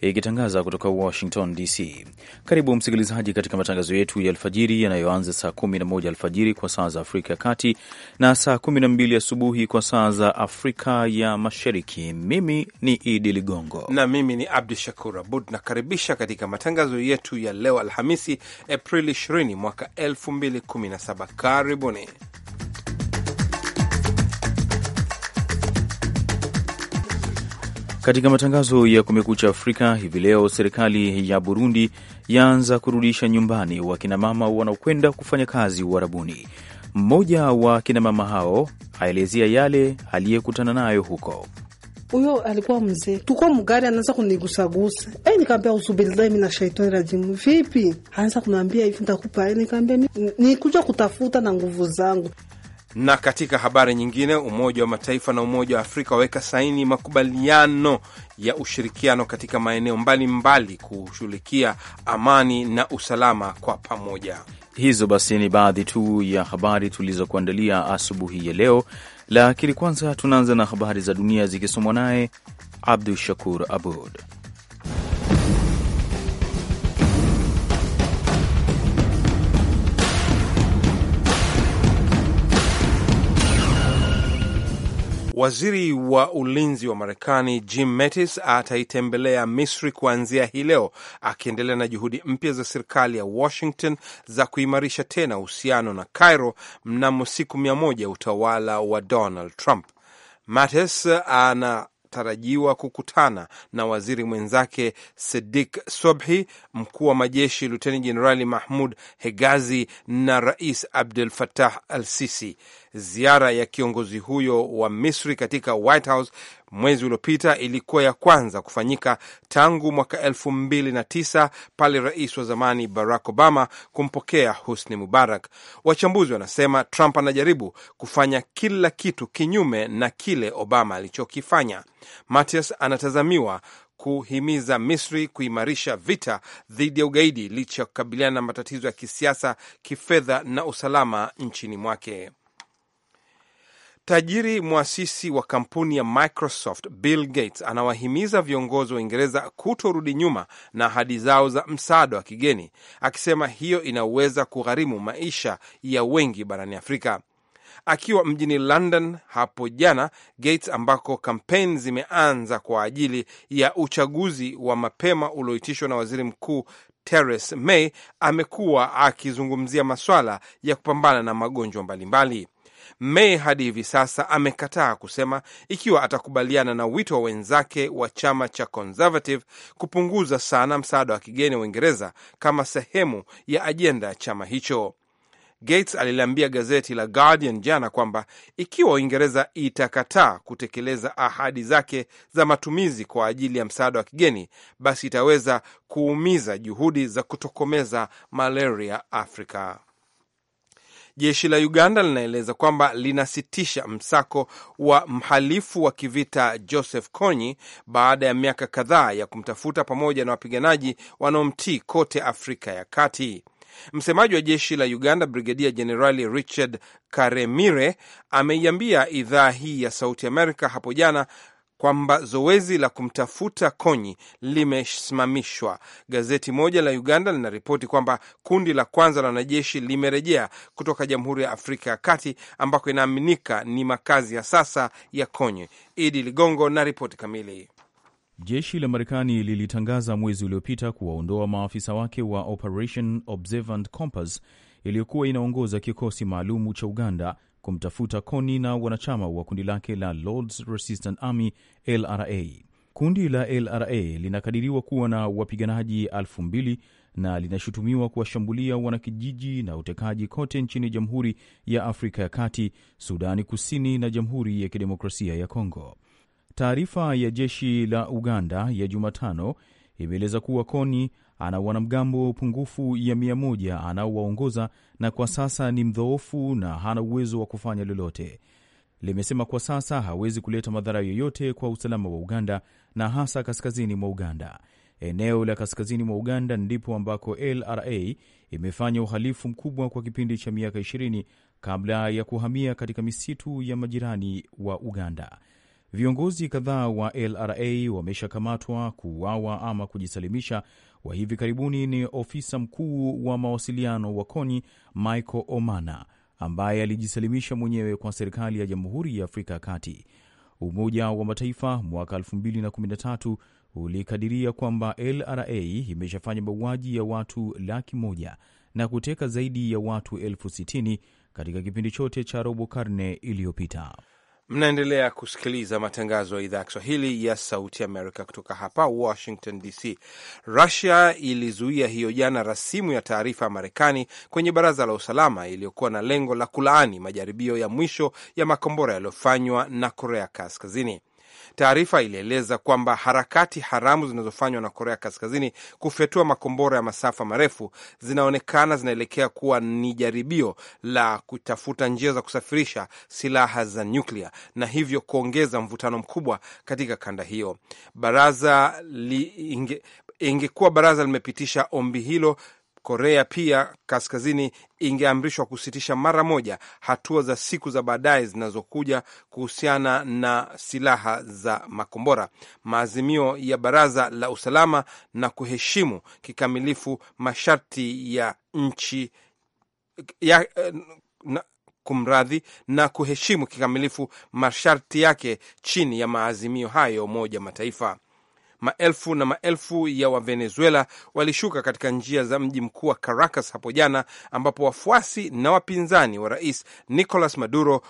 ikitangaza kutoka Washington DC. Karibu msikilizaji katika matangazo yetu ya alfajiri yanayoanza saa 11 alfajiri kwa saa za Afrika ya Kati na saa 12 asubuhi kwa saa za Afrika ya Mashariki. Mimi ni Idi Ligongo na mimi ni Abdu Shakur Abud, nakaribisha katika matangazo yetu ya leo Alhamisi, Aprili 20 mwaka 2017. Karibuni. Katika matangazo ya Kumekucha Afrika hivi leo, serikali ya Burundi yaanza kurudisha nyumbani wakinamama wanaokwenda kufanya kazi Uarabuni. Mmoja wa kinamama hao aelezea yale aliyekutana nayo huko. Huyo alikuwa mzee, tuko mgari, anaanza kunigusagusa. E, eh, nikaambia mi mina shaitani rajimu. Vipi? Anaanza kunaambia hivi, ntakupa. E, eh, nikaambia nikuja kutafuta na nguvu zangu na katika habari nyingine, Umoja wa Mataifa na Umoja wa Afrika waweka saini makubaliano ya ushirikiano katika maeneo mbalimbali kushughulikia amani na usalama kwa pamoja. Hizo basi ni baadhi tu ya habari tulizokuandalia asubuhi ya leo, lakini kwanza tunaanza na habari za dunia zikisomwa naye Abdu Shakur Abud. Waziri wa ulinzi wa Marekani Jim Mattis ataitembelea Misri kuanzia hii leo, akiendelea na juhudi mpya za serikali ya Washington za kuimarisha tena uhusiano na Cairo mnamo siku mia moja ya utawala wa Donald Trump. Mattis ana anatarajiwa kukutana na waziri mwenzake Sedik Sobhi, mkuu wa majeshi Luteni Jenerali Mahmud Hegazi na Rais Abdel Fattah al Sisi. Ziara ya kiongozi huyo wa Misri katika White House mwezi uliopita ilikuwa ya kwanza kufanyika tangu mwaka elfu mbili na tisa pale rais wa zamani Barack Obama kumpokea Husni Mubarak. Wachambuzi wanasema Trump anajaribu kufanya kila kitu kinyume na kile Obama alichokifanya. Matias anatazamiwa kuhimiza Misri kuimarisha vita dhidi ya ugaidi licha ya kukabiliana na matatizo ya kisiasa, kifedha na usalama nchini mwake. Tajiri mwasisi wa kampuni ya Microsoft Bill Gates anawahimiza viongozi wa Uingereza kutorudi nyuma na ahadi zao za msaada wa kigeni, akisema hiyo inaweza kugharimu maisha ya wengi barani Afrika. Akiwa mjini London hapo jana, Gates ambako kampeni zimeanza kwa ajili ya uchaguzi wa mapema ulioitishwa na waziri mkuu Theresa May, amekuwa akizungumzia maswala ya kupambana na magonjwa mbalimbali. May hadi hivi sasa amekataa kusema ikiwa atakubaliana na wito wa wenzake wa chama cha Conservative kupunguza sana msaada wa kigeni wa Uingereza kama sehemu ya ajenda ya chama hicho. Gates aliliambia gazeti la Guardian jana kwamba ikiwa Uingereza itakataa kutekeleza ahadi zake za matumizi kwa ajili ya msaada wa kigeni, basi itaweza kuumiza juhudi za kutokomeza malaria Afrika. Jeshi la Uganda linaeleza kwamba linasitisha msako wa mhalifu wa kivita Joseph Kony baada ya miaka kadhaa ya kumtafuta pamoja na wapiganaji wanaomtii kote Afrika ya Kati. Msemaji wa jeshi la Uganda, Brigedia Jenerali Richard Karemire ameiambia idhaa hii ya Sauti Amerika hapo jana kwamba zoezi la kumtafuta Konyi limesimamishwa. Gazeti moja la Uganda linaripoti kwamba kundi la kwanza la wanajeshi limerejea kutoka Jamhuri ya Afrika ya Kati ambako inaaminika ni makazi ya sasa ya Konyi. Idi Ligongo na ripoti kamili. Jeshi la Marekani lilitangaza mwezi uliopita kuwaondoa maafisa wake wa Operation Observant Compass iliyokuwa inaongoza kikosi maalum cha Uganda kumtafuta Kony na wanachama wa kundi lake la Lords Resistance Army LRA. Kundi la LRA linakadiriwa kuwa na wapiganaji elfu mbili na linashutumiwa kuwashambulia wanakijiji na utekaji kote nchini Jamhuri ya Afrika ya Kati, Sudani Kusini na Jamhuri ya Kidemokrasia ya Kongo. Taarifa ya jeshi la Uganda ya Jumatano imeeleza kuwa Kony ana wanamgambo pungufu ya mia moja anaowaongoza na kwa sasa ni mdhoofu na hana uwezo wa kufanya lolote. Limesema kwa sasa hawezi kuleta madhara yoyote kwa usalama wa Uganda na hasa kaskazini mwa Uganda. Eneo la kaskazini mwa Uganda ndipo ambako LRA imefanya uhalifu mkubwa kwa kipindi cha miaka 20 kabla ya kuhamia katika misitu ya majirani wa Uganda. Viongozi kadhaa wa LRA wameshakamatwa, kuuawa ama kujisalimisha. Wa hivi karibuni ni ofisa mkuu wa mawasiliano wa Koni Michael Omana ambaye alijisalimisha mwenyewe kwa serikali ya Jamhuri ya Afrika ya Kati. Umoja wa Mataifa mwaka 2013 ulikadiria kwamba LRA imeshafanya mauaji ya watu laki moja na kuteka zaidi ya watu elfu sitini katika kipindi chote cha robo karne iliyopita. Mnaendelea kusikiliza matangazo ya idhaa ya Kiswahili ya Sauti Amerika kutoka hapa Washington DC. Rusia ilizuia hiyo jana rasimu ya taarifa ya Marekani kwenye Baraza la Usalama iliyokuwa na lengo la kulaani majaribio ya mwisho ya makombora yaliyofanywa na Korea Kaskazini. Taarifa ilieleza kwamba harakati haramu zinazofanywa na Korea Kaskazini kufyatua makombora ya masafa marefu zinaonekana zinaelekea kuwa ni jaribio la kutafuta njia za kusafirisha silaha za nyuklia na hivyo kuongeza mvutano mkubwa katika kanda hiyo. Baraza li inge, ingekuwa baraza limepitisha ombi hilo Korea pia Kaskazini ingeamrishwa kusitisha mara moja hatua za siku za baadaye zinazokuja kuhusiana na silaha za makombora, maazimio ya Baraza la Usalama na kuheshimu kikamilifu masharti ya nchi ya, na, kumradhi na kuheshimu kikamilifu masharti yake chini ya maazimio hayo Umoja Mataifa. Maelfu na maelfu ya Wavenezuela walishuka katika njia za mji mkuu wa Caracas hapo jana, ambapo wafuasi na wapinzani wa rais Nicolas Maduro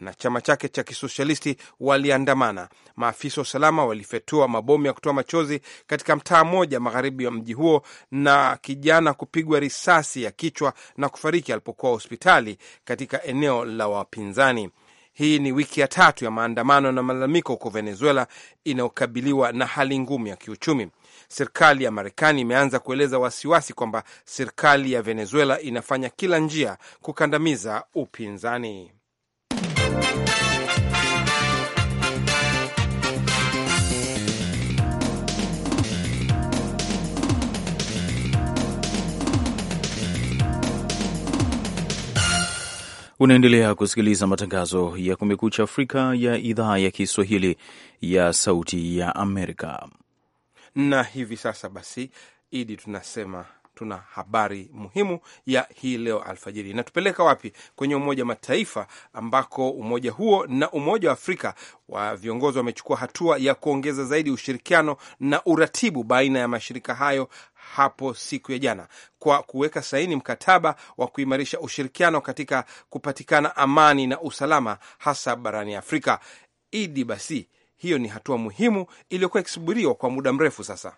na chama chake cha kisosialisti waliandamana. Maafisa wa usalama walifyatua mabomu ya kutoa machozi katika mtaa mmoja magharibi ya mji huo, na kijana kupigwa risasi ya kichwa na kufariki alipokuwa hospitali katika eneo la wapinzani. Hii ni wiki ya tatu ya maandamano na malalamiko huko Venezuela inayokabiliwa na hali ngumu ya kiuchumi. Serikali ya Marekani imeanza kueleza wasiwasi kwamba serikali ya Venezuela inafanya kila njia kukandamiza upinzani. Unaendelea kusikiliza matangazo ya Kumekucha Afrika ya idhaa ya Kiswahili ya Sauti ya Amerika. Na hivi sasa basi, Idi, tunasema tuna habari muhimu ya hii leo alfajiri. Inatupeleka wapi? Kwenye Umoja wa Mataifa, ambako umoja huo na Umoja wa Afrika wa viongozi wamechukua hatua ya kuongeza zaidi ushirikiano na uratibu baina ya mashirika hayo hapo siku ya jana kwa kuweka saini mkataba wa kuimarisha ushirikiano katika kupatikana amani na usalama hasa barani Afrika. Idi basi, hiyo ni hatua muhimu iliyokuwa ikisubiriwa kwa muda mrefu sasa.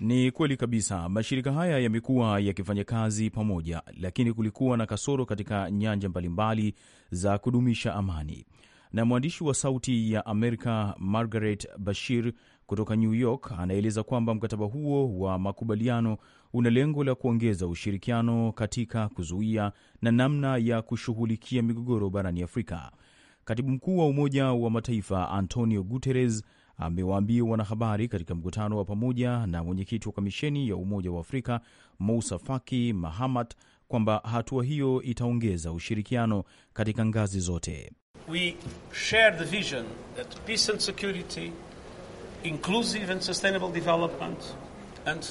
Ni kweli kabisa, mashirika haya yamekuwa yakifanya kazi pamoja, lakini kulikuwa na kasoro katika nyanja mbalimbali za kudumisha amani. Na mwandishi wa Sauti ya Amerika Margaret Bashir kutoka New York anaeleza kwamba mkataba huo wa makubaliano una lengo la kuongeza ushirikiano katika kuzuia na namna ya kushughulikia migogoro barani Afrika. Katibu mkuu wa Umoja wa Mataifa Antonio Guterres amewaambia wanahabari katika mkutano wa pamoja na mwenyekiti wa kamisheni ya Umoja wa Afrika Mousa Faki Mahamat kwamba hatua hiyo itaongeza ushirikiano katika ngazi zote. We share the vision that peace and security inclusive and sustainable development and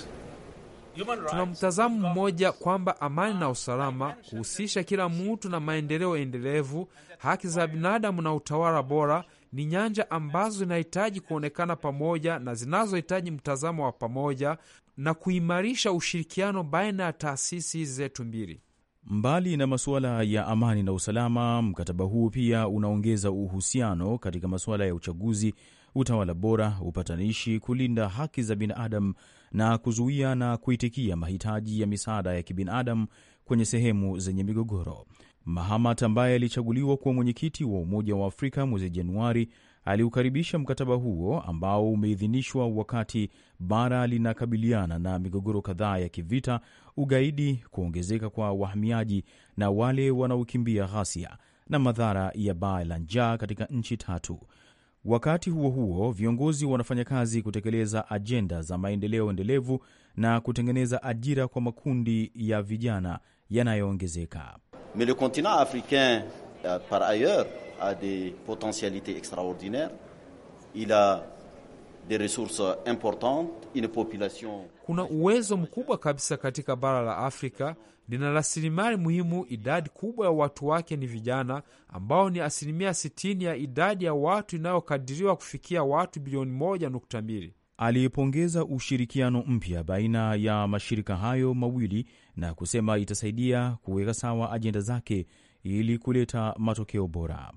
Tuna mtazamo mmoja kwamba amani na usalama kuhusisha kila mtu na maendeleo endelevu, haki za binadamu na utawala bora ni nyanja ambazo zinahitaji kuonekana pamoja na zinazohitaji mtazamo wa pamoja na kuimarisha ushirikiano baina ya taasisi zetu mbili. Mbali na masuala ya amani na usalama, mkataba huu pia unaongeza uhusiano katika masuala ya uchaguzi utawala bora, upatanishi, kulinda haki za binadamu na kuzuia na kuitikia mahitaji ya misaada ya kibinadamu kwenye sehemu zenye migogoro. Mahamat ambaye alichaguliwa kuwa mwenyekiti wa Umoja wa Afrika mwezi Januari aliukaribisha mkataba huo ambao umeidhinishwa wakati bara linakabiliana na migogoro kadhaa ya kivita, ugaidi, kuongezeka kwa wahamiaji na wale wanaokimbia ghasia na madhara ya baa la njaa katika nchi tatu. Wakati huo huo, viongozi wanafanya kazi kutekeleza ajenda za maendeleo endelevu na kutengeneza ajira kwa makundi ya vijana yanayoongezeka. Mais le continent africain euh, par ailleurs a des potentialités extraordinaires il a kuna uwezo mkubwa kabisa katika bara la Afrika, lina rasilimali muhimu. Idadi kubwa ya watu wake ni vijana ambao ni asilimia 60 ya idadi ya watu inayokadiriwa kufikia watu bilioni 1.2. Aliipongeza ushirikiano mpya baina ya mashirika hayo mawili na kusema itasaidia kuweka sawa ajenda zake ili kuleta matokeo bora.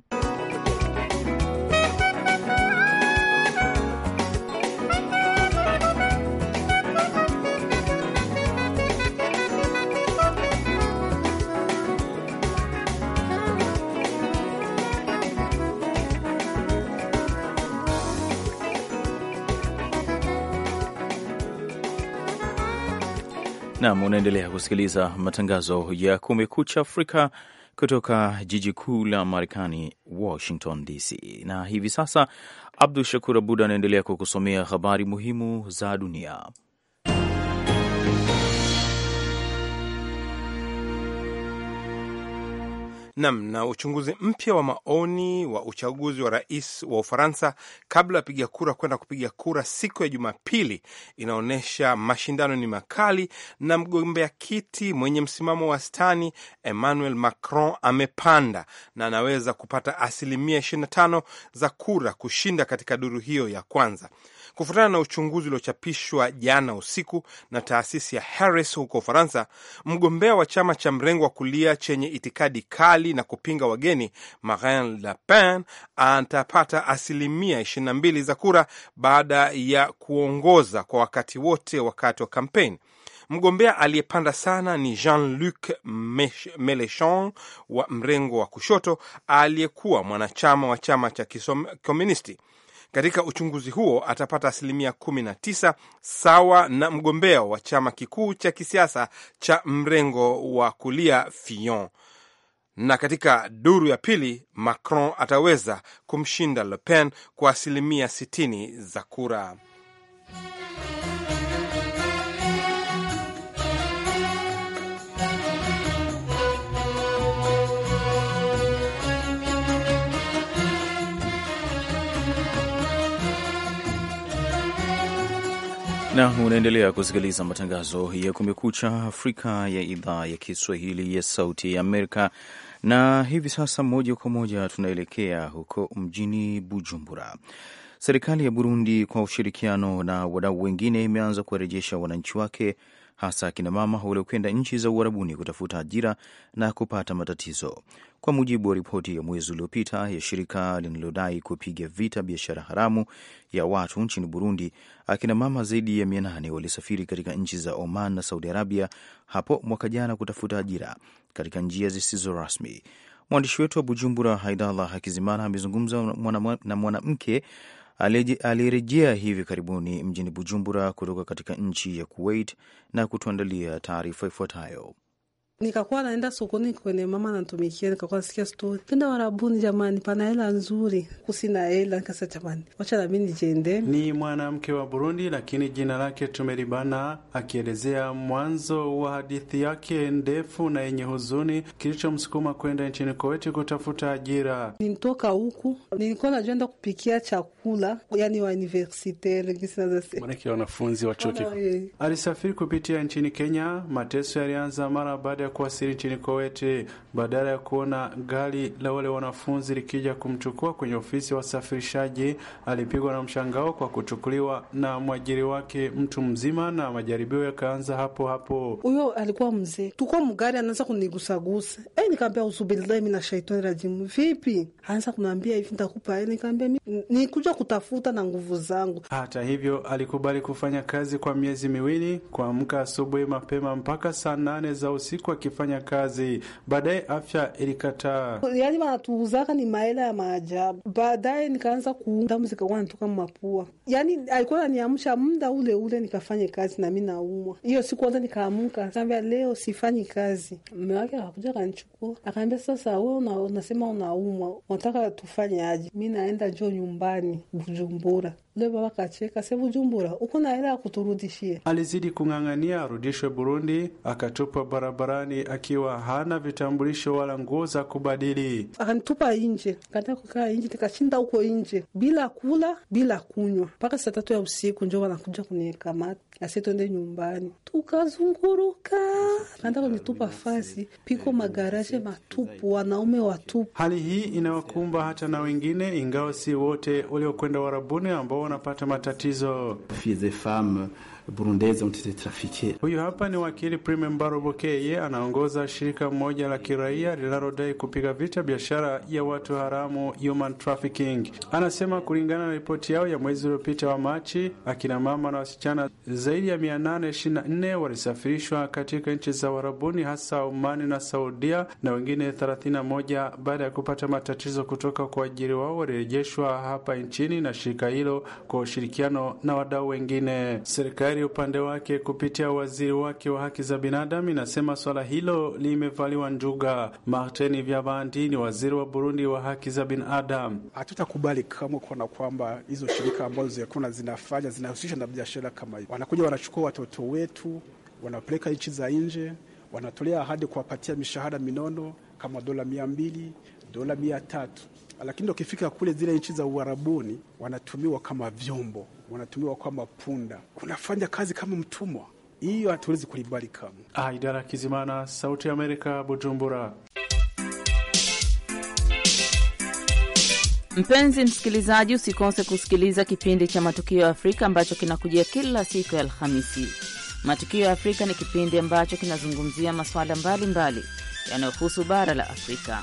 Nam, unaendelea kusikiliza matangazo ya Kumekucha Afrika kutoka jiji kuu la Marekani, Washington DC. Na hivi sasa Abdu Shakur Abud anaendelea kukusomea habari muhimu za dunia. Nam na uchunguzi mpya wa maoni wa uchaguzi wa rais wa Ufaransa kabla ya piga kura kwenda kupiga kura siku ya Jumapili inaonyesha mashindano ni makali, na mgombea kiti mwenye msimamo wastani Emmanuel Macron amepanda na anaweza kupata asilimia 25 za kura kushinda katika duru hiyo ya kwanza. Kufuatana na uchunguzi uliochapishwa jana usiku na taasisi ya Harris huko Ufaransa, mgombea wa chama cha mrengo wa kulia chenye itikadi kali na kupinga wageni Marine Le Pen atapata asilimia 22 za kura baada ya kuongoza kwa wakati wote wakati wa kampeni. Mgombea aliyepanda sana ni Jean-Luc Melechon wa mrengo wa kushoto aliyekuwa mwanachama wa chama cha Kikomunisti. Katika uchunguzi huo atapata asilimia 19 sawa na mgombea wa chama kikuu cha kisiasa cha mrengo wa kulia Fillon na katika duru ya pili Macron ataweza kumshinda Le Pen kwa asilimia 60 za kura. na unaendelea kusikiliza matangazo ya Kumekucha Afrika ya idhaa ya Kiswahili ya Sauti ya Amerika. Na hivi sasa moja kwa moja tunaelekea huko mjini Bujumbura. Serikali ya Burundi kwa ushirikiano na wadau wengine imeanza kuwarejesha wananchi wake hasa akinamama mama waliokwenda nchi za uharabuni kutafuta ajira na kupata matatizo, kwa mujibu wa ripoti ya mwezi uliopita ya shirika linalodai kupiga vita biashara haramu ya watu nchini Burundi. Akina mama zaidi ya mia nane walisafiri katika nchi za Oman na Saudi Arabia hapo mwaka jana kutafuta ajira katika njia zisizo rasmi. Mwandishi wetu wa Bujumbura, Haidallah Hakizimana, amezungumza na mwanamke mwana alirejea hivi karibuni mjini Bujumbura kutoka katika nchi ya Kuwait na kutuandalia taarifa ifuatayo nikakuwa naenda sokoni kwenye mama anatumikia, nikakuwa nasikia stori penda warabuni, jamani, pana hela nzuri, kusina hela kasa, jamani, wacha nami nijende. Ni mwanamke wa Burundi, lakini jina lake tumelibana, akielezea mwanzo wa hadithi yake ndefu na yenye huzuni kilichomsukuma kwenda nchini Koweti kutafuta ajira. Nilitoka huku, nilikuwa najenda kupikia chakula, yani wa universitaire wanafunzi wa chuo kikuu. Alisafiri kupitia nchini Kenya. Mateso yalianza mara baada kuwasili nchini Kowete, badala ya kuona gari la wale wanafunzi likija kumchukua kwenye ofisi ya wasafirishaji, alipigwa na mshangao kwa kuchukuliwa na mwajiri wake mtu mzima, na majaribio yakaanza hapo hapo. Huyo alikuwa mzee, tuko mgari, anaanza kunigusagusa e, eh, nikaambia usubillahi mina shaitani rajimu. Vipi? Anaanza kunaambia hivi, ntakupa e, Nikaambia nikuja kutafuta na nguvu zangu. Hata hivyo, alikubali kufanya kazi kwa miezi miwili, kuamka asubuhi mapema mpaka saa nane za usiku wakifanya kazi, baadaye afya ilikataa. Yani wanatuuzaka ni maela ya maajabu. Baadaye nikaanza kudamu zikakuwa natoka mapua, yani alikuwa naniamsha muda ule ule nikafanye kazi, nami naumwa. Hiyo siku kwanza nikaamka, kaambia leo sifanyi kazi. Mme wake akakuja akanichukua, akaambia sasa, we unasema unaumwa, unataka tufanye aje? Mi naenda njo nyumbani Bujumbura leba bakacheka se Bujumbura uko na hela kuturudishie. Alizidi kung'ang'ania arudishwe Burundi, akatupwa barabarani akiwa hana vitambulisho wala nguo za kubadili. Akanitupa nje, kataa kukaa nje, nikashinda huko nje bila kula bila kunywa mpaka saa tatu ya usiku, njo wanakuja kunikamata asitwende nyumbani, tukazunguruka kanda kunitupa fasi piko magaraje matupu, wanaume watupu. Hali hii inawakumba hata na wengine, ingawa si wote waliokwenda warabuni ambao wanapata matatizo mtete trafiki. Huyu hapa ni wakili Prime Mbaro Bokeye, anaongoza shirika moja la kiraia linalodai kupiga vita biashara ya watu haramu, human trafficking. Anasema kulingana na ripoti yao ya mwezi uliopita wa Machi, akina mama na wasichana zaidi ya 824 walisafirishwa katika nchi za Warabuni, hasa umani na Saudia, na wengine 31 baada ya kupata matatizo kutoka kwa ajili wao walirejeshwa hapa nchini na shirika hilo kwa ushirikiano na wadau wengine. Serikali Israeli upande wake kupitia waziri wake wa haki za binadamu inasema swala hilo limevaliwa njuga. Martin Vyabandi ni waziri wa Burundi wa haki za binadamu. Hatutakubali kamwe kuona kwamba hizo shirika ambazo zinakuwa zinafanya zinahusisha na biashara kama hiyo, wanakuja wanachukua watoto wetu wanapeleka nchi za nje, wanatolea ahadi kuwapatia mishahara minono kama dola mia mbili, dola mia tatu lakini ukifika kule zile nchi za Uarabuni wanatumiwa kama vyombo, wanatumiwa kama punda, unafanya kazi kama mtumwa. Hiyo hatuwezi kulibali kamwe. Aidara ah, Kizimana, Sauti ya Amerika, Bujumbura. Mpenzi msikilizaji, usikose kusikiliza kipindi cha Matukio ya Afrika ambacho kinakujia kila siku ya Alhamisi. Matukio ya Afrika ni kipindi ambacho kinazungumzia masuala mbalimbali yanayohusu bara la Afrika.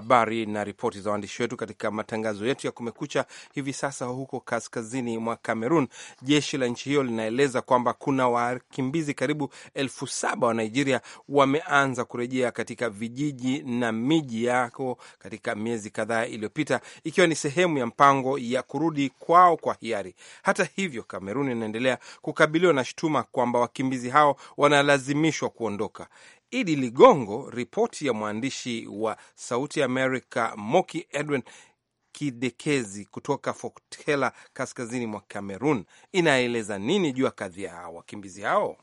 habari na ripoti za waandishi wetu katika matangazo yetu ya Kumekucha hivi sasa. Huko kaskazini mwa Kamerun, jeshi la nchi hiyo linaeleza kwamba kuna wakimbizi karibu elfu saba wa Nigeria wameanza kurejea katika vijiji na miji yako katika miezi kadhaa iliyopita, ikiwa ni sehemu ya mpango ya kurudi kwao kwa hiari. Hata hivyo, Kamerun inaendelea kukabiliwa na shutuma kwamba wakimbizi hao wanalazimishwa kuondoka. Idi Ligongo. Ripoti ya mwandishi wa Sauti Amerika Moki Edwin Kidekezi kutoka Foktela, kaskazini mwa cameron inaeleza nini juu ya kadhia ya wakimbizi hao?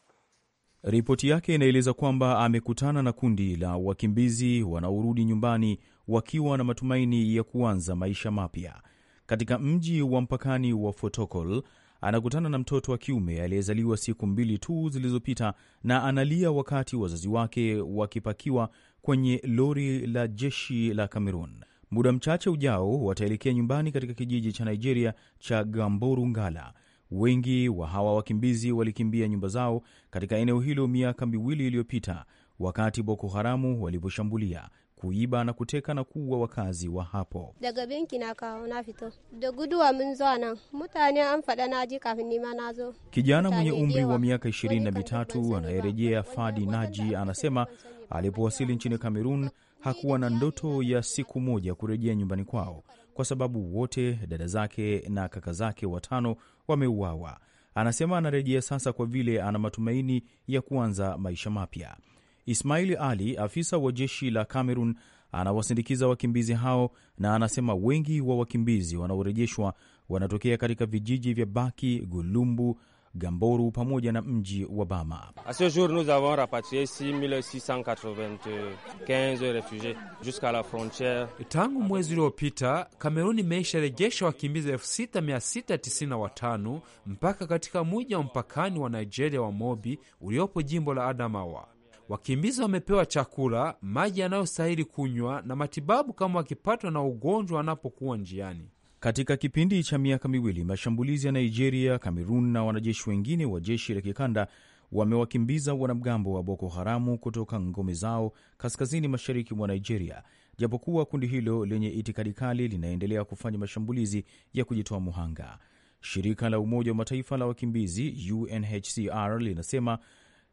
Ripoti yake inaeleza kwamba amekutana na kundi la wakimbizi wanaorudi nyumbani wakiwa na matumaini ya kuanza maisha mapya katika mji wa mpakani wa Fotokol anakutana na mtoto wa kiume aliyezaliwa siku mbili tu zilizopita na analia wakati wazazi wake wakipakiwa kwenye lori la jeshi la Cameroon. Muda mchache ujao wataelekea nyumbani katika kijiji cha Nigeria cha Gamboru Ngala. Wengi wa hawa wakimbizi walikimbia nyumba zao katika eneo hilo miaka miwili iliyopita wakati Boko Haramu waliposhambulia kuiba na kuteka na kuua wakazi wa hapo. daga benki na kaona fito da guduwa mun zo nan mutane an faɗa na ji kafin na zo. Kijana mwenye umri wa miaka ishirini na mitatu anayerejea Fadi Naji anasema alipowasili nchini Kamerun hakuwa na ndoto ya siku moja kurejea nyumbani kwao kwa sababu wote dada zake na kaka zake watano wameuawa. Anasema anarejea sasa kwa vile ana matumaini ya kuanza maisha mapya. Ismail Ali, afisa wa jeshi la Cameroon, anawasindikiza wakimbizi hao na anasema wengi wa wakimbizi wanaorejeshwa wanatokea katika vijiji vya Baki, Gulumbu, Gamboru pamoja na mji wa Bama. A ce jour nous avons 6695 la frontiere. Tangu mwezi uliopita Kameruni rejesha wakimbizi 6695 mpaka katika mji wa mpakani wa Nigeria wa Mobi uliopo jimbo la Adamawa. Wakimbizi wamepewa chakula, maji yanayostahili kunywa na matibabu kama wakipatwa na ugonjwa wanapokuwa njiani. Katika kipindi cha miaka miwili, mashambulizi ya Nigeria, Kamerun na wanajeshi wengine wa jeshi la kikanda wamewakimbiza wanamgambo wa Boko Haramu kutoka ngome zao kaskazini mashariki mwa Nigeria, japokuwa kundi hilo lenye itikadi kali linaendelea kufanya mashambulizi ya kujitoa muhanga. Shirika la Umoja wa Mataifa la wakimbizi UNHCR linasema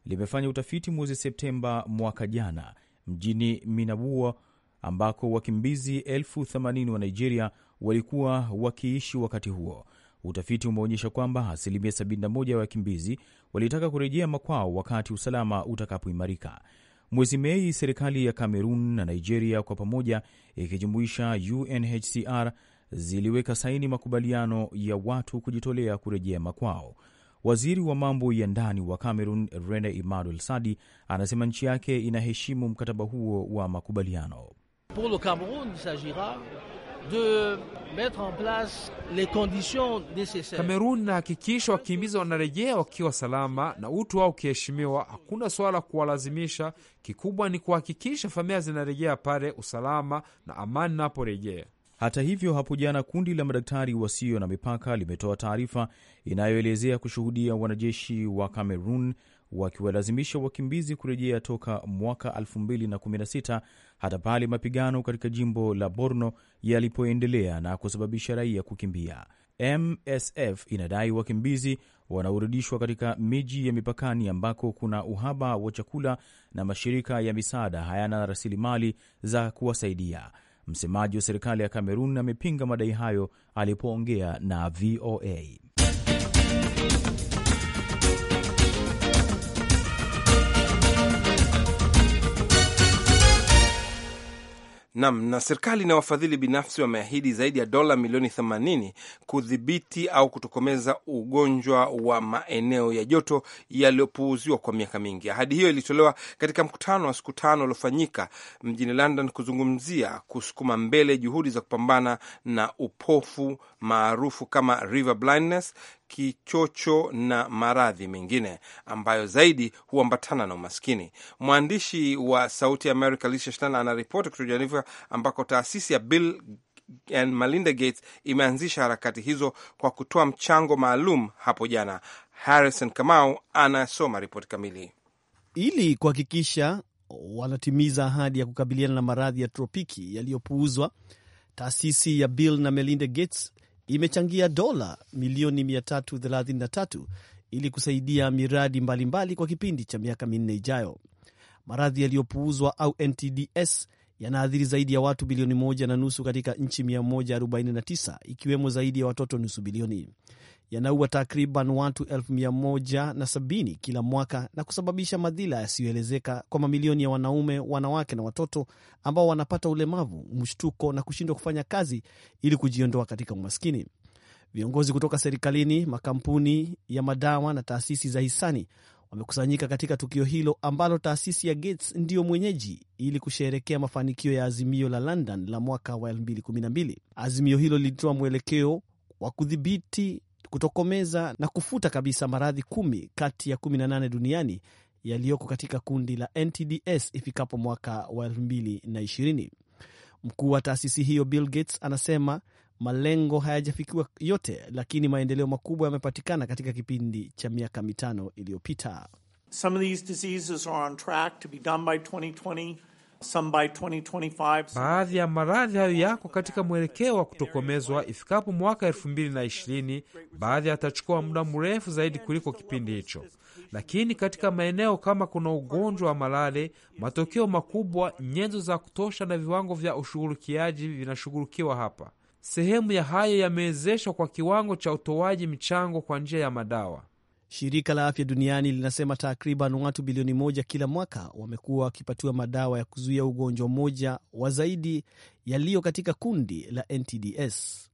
limefanya utafiti mwezi Septemba mwaka jana mjini Minabua ambako wakimbizi elfu themanini wa Nigeria walikuwa wakiishi wakati huo. Utafiti umeonyesha kwamba asilimia 71 ya wakimbizi walitaka kurejea makwao wakati usalama utakapoimarika. Mwezi Mei, serikali ya Kamerun na Nigeria kwa pamoja ikijumuisha UNHCR ziliweka saini makubaliano ya watu kujitolea kurejea makwao. Waziri wa mambo ya ndani wa Cameroon Rene Emmanuel Sadi anasema nchi yake inaheshimu mkataba huo wa makubaliano. Pour le Cameroun, il s'agira de mettre en place les conditions necessaires. Kamerun nahakikisha wakimbizi wanarejea wakiwa salama na utu wao ukiheshimiwa. Hakuna suala kuwalazimisha, kikubwa ni kuhakikisha familia zinarejea pale usalama na amani naporejea hata hivyo, hapo jana kundi la madaktari wasio na mipaka limetoa taarifa inayoelezea kushuhudia wanajeshi wa Kamerun wakiwalazimisha wakimbizi kurejea toka mwaka 2016 hata pale mapigano katika jimbo la Borno yalipoendelea na kusababisha raia kukimbia. MSF inadai wakimbizi wanaorudishwa katika miji ya mipakani ambako kuna uhaba wa chakula na mashirika ya misaada hayana rasilimali za kuwasaidia. Msemaji wa serikali ya Kamerun amepinga madai hayo alipoongea na VOA. Nam na serikali na wafadhili binafsi wameahidi zaidi ya dola milioni 80 kudhibiti au kutokomeza ugonjwa wa maeneo ya joto yaliyopuuziwa kwa miaka mingi. Ahadi hiyo ilitolewa katika mkutano wa siku tano uliofanyika mjini London kuzungumzia kusukuma mbele juhudi za kupambana na upofu maarufu kama river blindness, kichocho na maradhi mengine ambayo zaidi huambatana na umaskini. Mwandishi wa Sauti America Lisha Shtana anaripoti kutoka ambako taasisi ya Bill and Melinda Gates imeanzisha harakati hizo kwa kutoa mchango maalum hapo jana. Harrison Kamau anasoma ripoti kamili. Ili kuhakikisha wanatimiza ahadi ya kukabiliana na maradhi ya tropiki yaliyopuuzwa, taasisi ya Bill na Melinda Gates imechangia dola milioni 333 ili kusaidia miradi mbalimbali mbali kwa kipindi cha miaka minne ijayo. Maradhi yaliyopuuzwa au NTDs yanaathiri zaidi ya watu bilioni moja na nusu katika nchi 149 ikiwemo zaidi ya watoto nusu bilioni yanaua takriban watu 170 kila mwaka na kusababisha madhila yasiyoelezeka kwa mamilioni ya wanaume, wanawake na watoto ambao wanapata ulemavu, mshtuko na kushindwa kufanya kazi ili kujiondoa katika umaskini. Viongozi kutoka serikalini, makampuni ya madawa na taasisi za hisani wamekusanyika katika tukio hilo ambalo taasisi ya Gates ndiyo mwenyeji ili kusherekea mafanikio ya azimio la London la mwaka wa 2012. Azimio hilo lilitoa mwelekeo wa kudhibiti kutokomeza na kufuta kabisa maradhi kumi kati ya 18 duniani yaliyoko katika kundi la NTDs ifikapo mwaka wa 2020. Mkuu wa taasisi hiyo Bill Gates anasema malengo hayajafikiwa yote, lakini maendeleo makubwa yamepatikana katika kipindi cha miaka mitano iliyopita. Some of these diseases are on track to be done by 2020. Baadhi ya maradhi hayo yako katika mwelekeo wa kutokomezwa ifikapo mwaka 2020. Baadhi yatachukua muda mrefu zaidi kuliko kipindi hicho, lakini katika maeneo kama kuna ugonjwa wa malale, matokeo makubwa, nyenzo za kutosha na viwango vya ushughulikiaji vinashughulikiwa hapa. Sehemu ya hayo yamewezeshwa kwa kiwango cha utoaji mchango kwa njia ya madawa. Shirika la Afya Duniani linasema takriban watu bilioni moja kila mwaka wamekuwa wakipatiwa madawa ya kuzuia ugonjwa mmoja wa zaidi yaliyo katika kundi la NTDs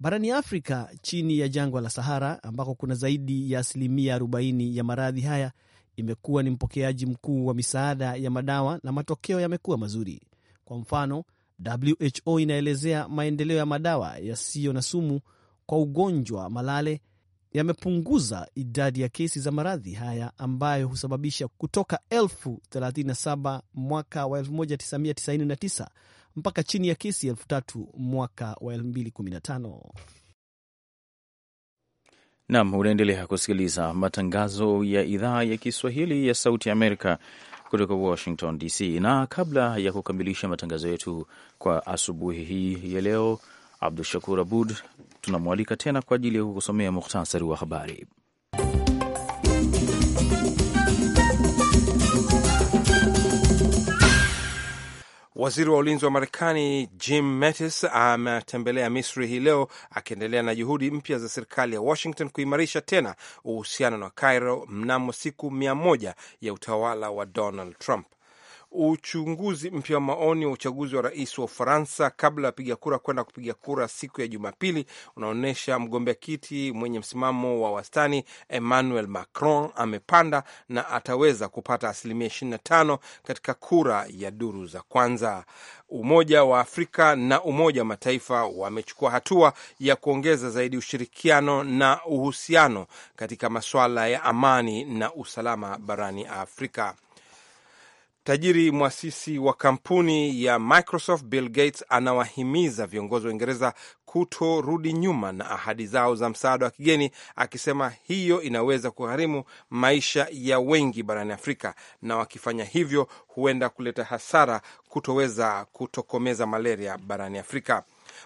barani Afrika chini ya jangwa la Sahara ambako kuna zaidi ya asilimia 40 ya maradhi haya imekuwa ni mpokeaji mkuu wa misaada ya madawa na matokeo yamekuwa mazuri. Kwa mfano, WHO inaelezea maendeleo ya madawa yasiyo na sumu kwa ugonjwa malale yamepunguza idadi ya kesi za maradhi haya ambayo husababisha kutoka elfu 37 mwaka wa 1999 mpaka chini ya kesi elfu tatu mwaka wa 2015. Nam, unaendelea kusikiliza matangazo ya idhaa ya Kiswahili ya Sauti ya Amerika kutoka Washington DC, na kabla ya kukamilisha matangazo yetu kwa asubuhi hii ya leo, Abdu Shakur Abud tunamwalika tena kwa ajili ya kukusomea muhtasari wa habari. Waziri wa ulinzi wa Marekani Jim Mattis ametembelea Misri hii leo akiendelea na juhudi mpya za serikali ya Washington kuimarisha tena uhusiano na Cairo mnamo siku mia moja ya utawala wa Donald Trump uchunguzi mpya wa maoni wa uchaguzi wa rais wa Ufaransa kabla ya wapiga kura kwenda kupiga kura siku ya Jumapili unaonyesha mgombea kiti mwenye msimamo wa wastani Emmanuel Macron amepanda na ataweza kupata asilimia 25 katika kura ya duru za kwanza. Umoja wa Afrika na Umoja wa Mataifa wamechukua hatua ya kuongeza zaidi ushirikiano na uhusiano katika masuala ya amani na usalama barani Afrika tajiri mwasisi wa kampuni ya Microsoft Bill Gates anawahimiza viongozi wa Uingereza kutorudi nyuma na ahadi zao za msaada wa kigeni, akisema hiyo inaweza kugharimu maisha ya wengi barani Afrika, na wakifanya hivyo huenda kuleta hasara kutoweza kutokomeza malaria barani Afrika.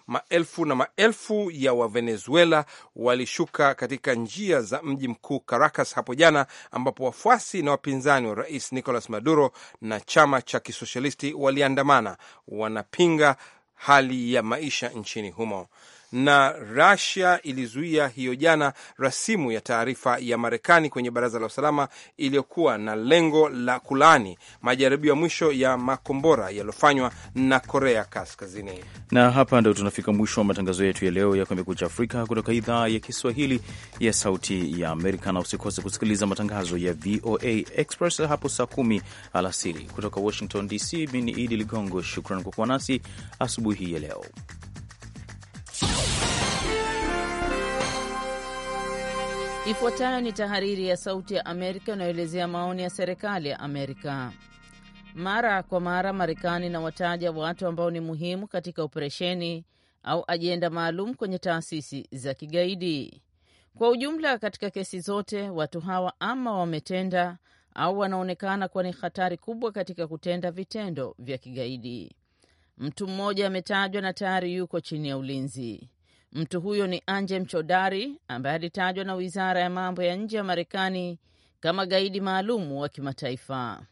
Maelfu na maelfu ya Wavenezuela walishuka katika njia za mji mkuu Caracas hapo jana, ambapo wafuasi na wapinzani wa rais Nicolas Maduro na chama cha kisoshalisti waliandamana, wanapinga hali ya maisha nchini humo na Russia ilizuia hiyo jana rasimu ya taarifa ya Marekani kwenye Baraza la Usalama iliyokuwa na lengo la kulaani majaribio ya mwisho ya makombora yaliyofanywa na Korea Kaskazini. Na hapa ndo tunafika mwisho wa matangazo yetu ya leo ya Kumekucha Afrika kutoka idhaa ya Kiswahili ya Sauti ya Amerika, na usikose kusikiliza matangazo ya VOA Express hapo saa kumi alasiri kutoka Washington DC. Mimi ni Idi Ligongo, shukran kwa kuwa nasi asubuhi ya leo. Ifuatayo ni tahariri ya Sauti ya Amerika inayoelezea maoni ya serikali ya Amerika. Mara kwa mara, Marekani inawataja watu ambao ni muhimu katika operesheni au ajenda maalum kwenye taasisi za kigaidi. Kwa ujumla, katika kesi zote, watu hawa ama wametenda au wanaonekana kuwa ni hatari kubwa katika kutenda vitendo vya kigaidi. Mtu mmoja ametajwa na tayari yuko chini ya ulinzi. Mtu huyo ni anje mchodari ambaye alitajwa na wizara ya mambo ya nje ya Marekani kama gaidi maalum wa kimataifa.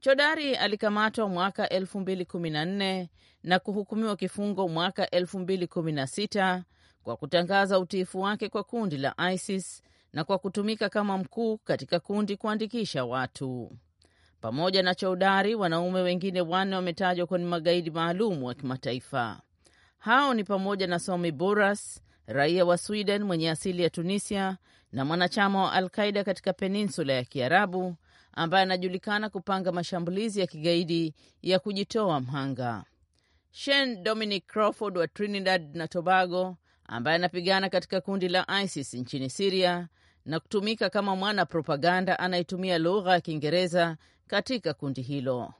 Chodari alikamatwa mwaka 2014 na kuhukumiwa kifungo mwaka 2016 kwa kutangaza utiifu wake kwa kundi la ISIS na kwa kutumika kama mkuu katika kundi kuandikisha watu. Pamoja na Choudari, wanaume wengine wanne wametajwa kwenye magaidi maalum wa kimataifa. Hao ni pamoja na Somi Boras, raia wa Sweden mwenye asili ya Tunisia na mwanachama wa Alqaida katika peninsula ya Kiarabu, ambaye anajulikana kupanga mashambulizi ya kigaidi ya kujitoa mhanga. Shen Dominic Crawford wa Trinidad na Tobago, ambaye anapigana katika kundi la ISIS nchini Siria na kutumika kama mwana propaganda anayetumia lugha ya Kiingereza katika kundi hilo.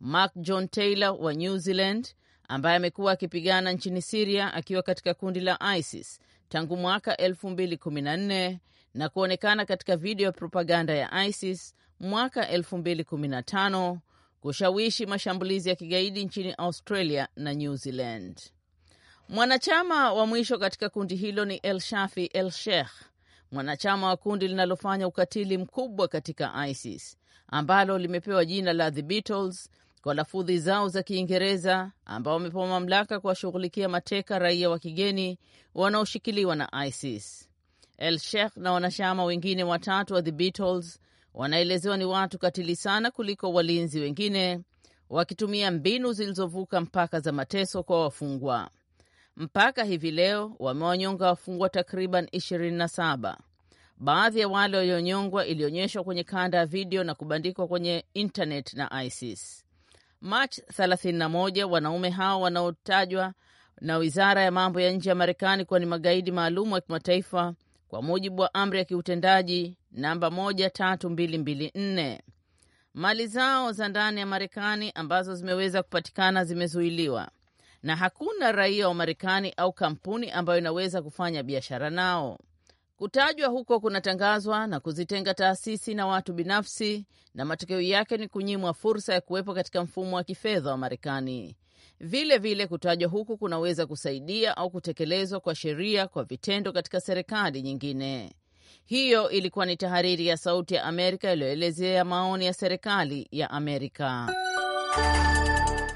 Mark John Taylor wa New Zealand ambaye amekuwa akipigana nchini Siria akiwa katika kundi la ISIS tangu mwaka 2014 na kuonekana katika video ya propaganda ya ISIS mwaka 2015 kushawishi mashambulizi ya kigaidi nchini Australia na New Zealand. Mwanachama wa mwisho katika kundi hilo ni El Shafi El Sheikh mwanachama wa kundi linalofanya ukatili mkubwa katika ISIS ambalo limepewa jina la The Beatles kwa lafudhi zao za Kiingereza, ambao wamepewa mamlaka kuwashughulikia mateka raia wa kigeni wanaoshikiliwa na ISIS. El Sheikh na wanachama wengine watatu wa The Beatles wanaelezewa ni watu katili sana kuliko walinzi wengine, wakitumia mbinu zilizovuka mpaka za mateso kwa wafungwa. Mpaka hivi leo wamewanyonga wafungwa takriban 27. Baadhi ya wale walionyongwa ilionyeshwa kwenye kanda ya video na kubandikwa kwenye internet na ISIS. Machi 31 wanaume hao wanaotajwa na wizara ya mambo ya nje ya Marekani kuwa ni magaidi maalum wa kimataifa kwa mujibu wa amri ya kiutendaji namba 13224. Mali zao za ndani ya Marekani ambazo zimeweza kupatikana zimezuiliwa na hakuna raia wa Marekani au kampuni ambayo inaweza kufanya biashara nao. Kutajwa huko kunatangazwa na kuzitenga taasisi na watu binafsi, na matokeo yake ni kunyimwa fursa ya kuwepo katika mfumo wa kifedha wa Marekani. Vile vile kutajwa huku kunaweza kusaidia au kutekelezwa kwa sheria kwa vitendo katika serikali nyingine. Hiyo ilikuwa ni tahariri ya Sauti ya Amerika iliyoelezea maoni ya serikali ya Amerika.